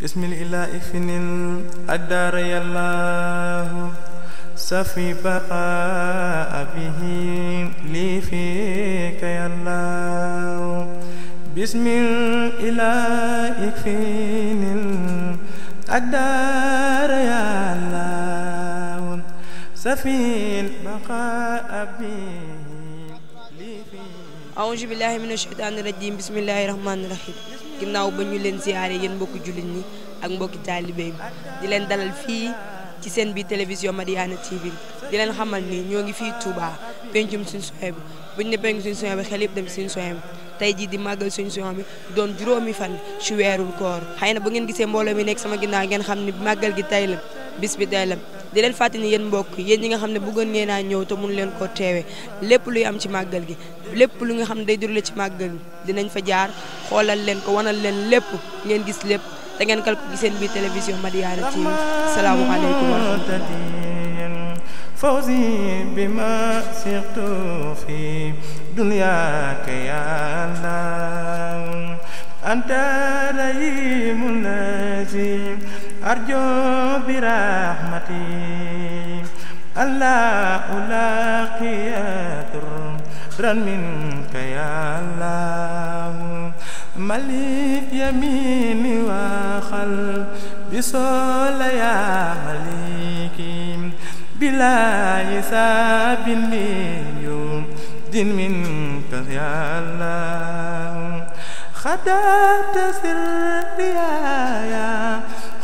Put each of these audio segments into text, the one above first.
بسم الإله فنن أدار الله سفي بقى به لي فيك يا الله بسم الإله فنن أدار يا الله سفي بقى به لي فيك أعوذ بالله من الشيطان الرجيم بسم الله الرحمن الرحيم ginnaaw ba ñu leen siyaaree yéen mbokki jullit ñi ak mbokki taalibe yi di leen dalal fii ci seen bi télévision Madiyana TV di leen xamal ni ñoo ngi fii Touba pencum suñu soxna bi bu ñu ne pencum suñu soxna bi xel yëpp dem suñu bi tey jii di màggal suñu soxna bi doon juróomi fan ci weerul koor xëy na bu ngeen gisee mbooloo mi nekk sama ginnaaw ngeen xam ni màggal gi tey la bis bi tey la di leen fàttali yéen mbokk yéen ñi nga xam ne bëggoon ngeen a ñëw te mun leen ko teewee lépp luy am ci màggal gi lépp lu nga xam ne day durle ci màggal dinañ fa jaar xoolal leen ko wanal leen lépp ngeen gis lépp te ngeen kal ko gi seen biir télévision Madiyana TV salaamualeykum wa rahmatulah fawzi bima sirtu fi dunyaaka yaa Allah أرجو برحمتي ألا ألاقي ضرا منك يا الله مليك يميني وخل بصول يا مليكي بلا حساب لي يوم دين منك يا الله سر يا, يا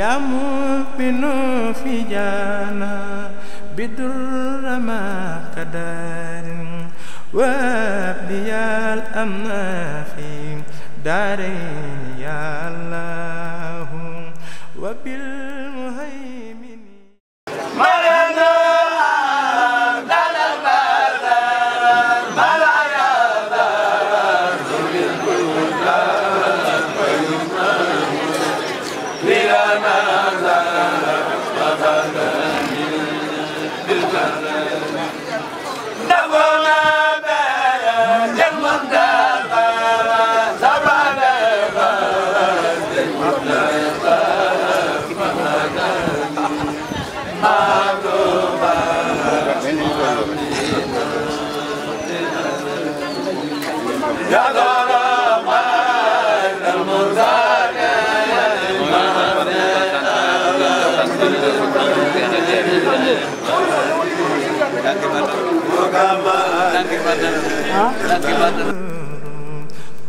يا مبن في جانا بدر ما قدر وابدي الأمن في داري يا الله وبال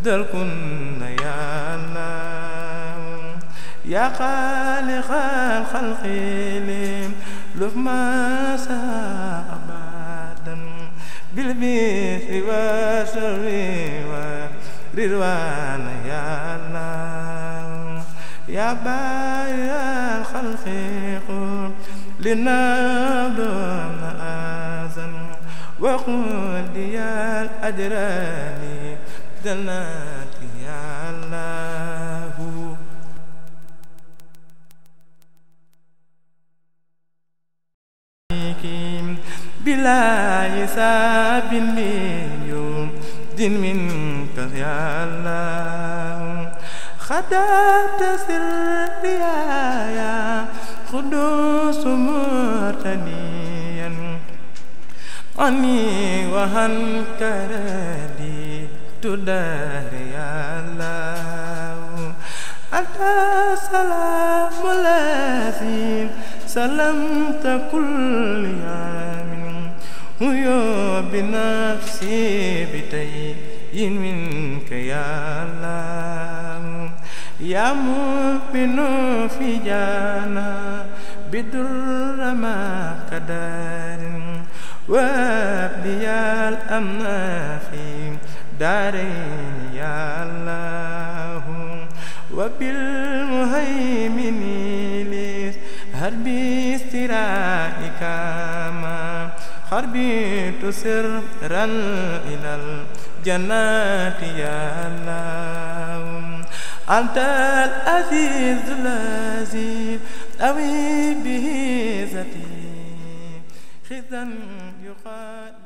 Dal kun na ya Allah يا خالق الخلق لم لف ما ساء أبدا بالبيث والشر والرضوان يا الله يا بارئ الخلق قل لنا دون أذن وقل لي الأجراني جنات يا الله بلا حساب من يوم دين منك يا الله خدات سر يا قدوس مرتديا أني وعنك رديت تدار يا الله أنت سلام الذي سلمت كل يوم عيوب نفسي بتين منك يا الله يا مؤمن في جانا بدر ما قدر وابدي الأمن في دارين يا الله وبالمهيمن لي هربي استرائك حربي رل إلى الجنات يا الله أنت العزيز الذي أوي به ذاتي خذا يقال